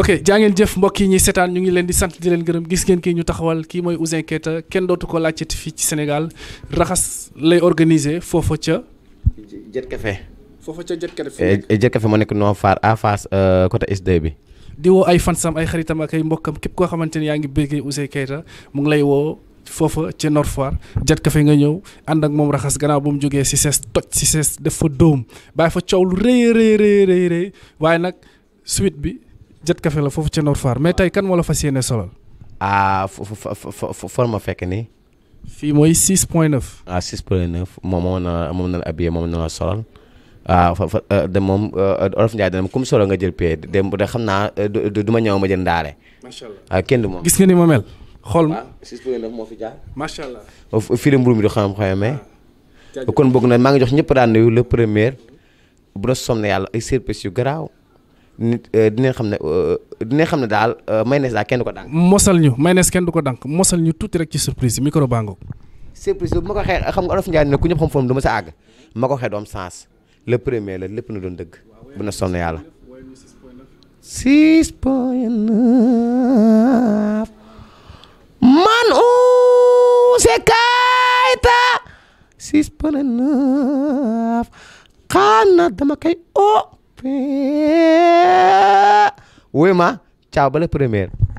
ok jaa ngeen jëf mbokk yi ñu seetaan ñu ngi leen di sant di leen gërëm gis ngeen kii ñu taxawal kii mooy Ouzin Keita kenn dootu ko laajte fii ci Sénégal raxas lay organiser foofa ca. Jet Café. foofa ca Jet Café. Eh, eh, Jet Café moo nekk noo faar à face euh, côté SD bi. di woo ay fansam ay xaritam ak ay mbokkam képp koo xamante ni yaa ngi bëggee Ouzin Keita mu ngi lay woo. foofa ca Nord Foire Jet kafe nga ñëw ànd ak moom raxas gannaaw bu mu jógee si sees toj si sees def fa dóom bàyyi fa coow lu rëy rëy rëy waaye nag suite bi Jet kafe la foofu ca Nord mais tey kan moo la fas yéene solal. ah ma fekk nii. fii mooy 6 point 9. ah 6 point moom moo na moom na la habillé moom na la ah, euh, de moom euh, Olof Ndiaye dana solo nga jël pay dem de xam naa euh, duma ñaw ma jël ndaare. macha ah, kenn du moom. gis nga ni ma mel. xool ma 6 ah, point 9 moo fi fii de mburu mi du xam xayma. kon boog na maa ngi jox ñëpp daan nuyu le premier. bu la sonn yàlla ay services yu garaaw. nit euh, dinañ xam ne euh, dinañ xam ne daal euh, mayonnaise daal kenn du ko dànk. mosal ñu mayonnaise kenn du ko dànk mosal ñu tuuti rek ci surprise yi micro baa ngoog. surprise bu ma ko xee xam nga olof Ndiaye ne ku ñëpp xam foofu du ma sa àgg ma ko xee doom sens le premier lépp na doon dëgg bu na sonn yàlla. man Ouzin Keita 6 point 9 xaana dama koy oo. Uima, tchau, valeu primeiro.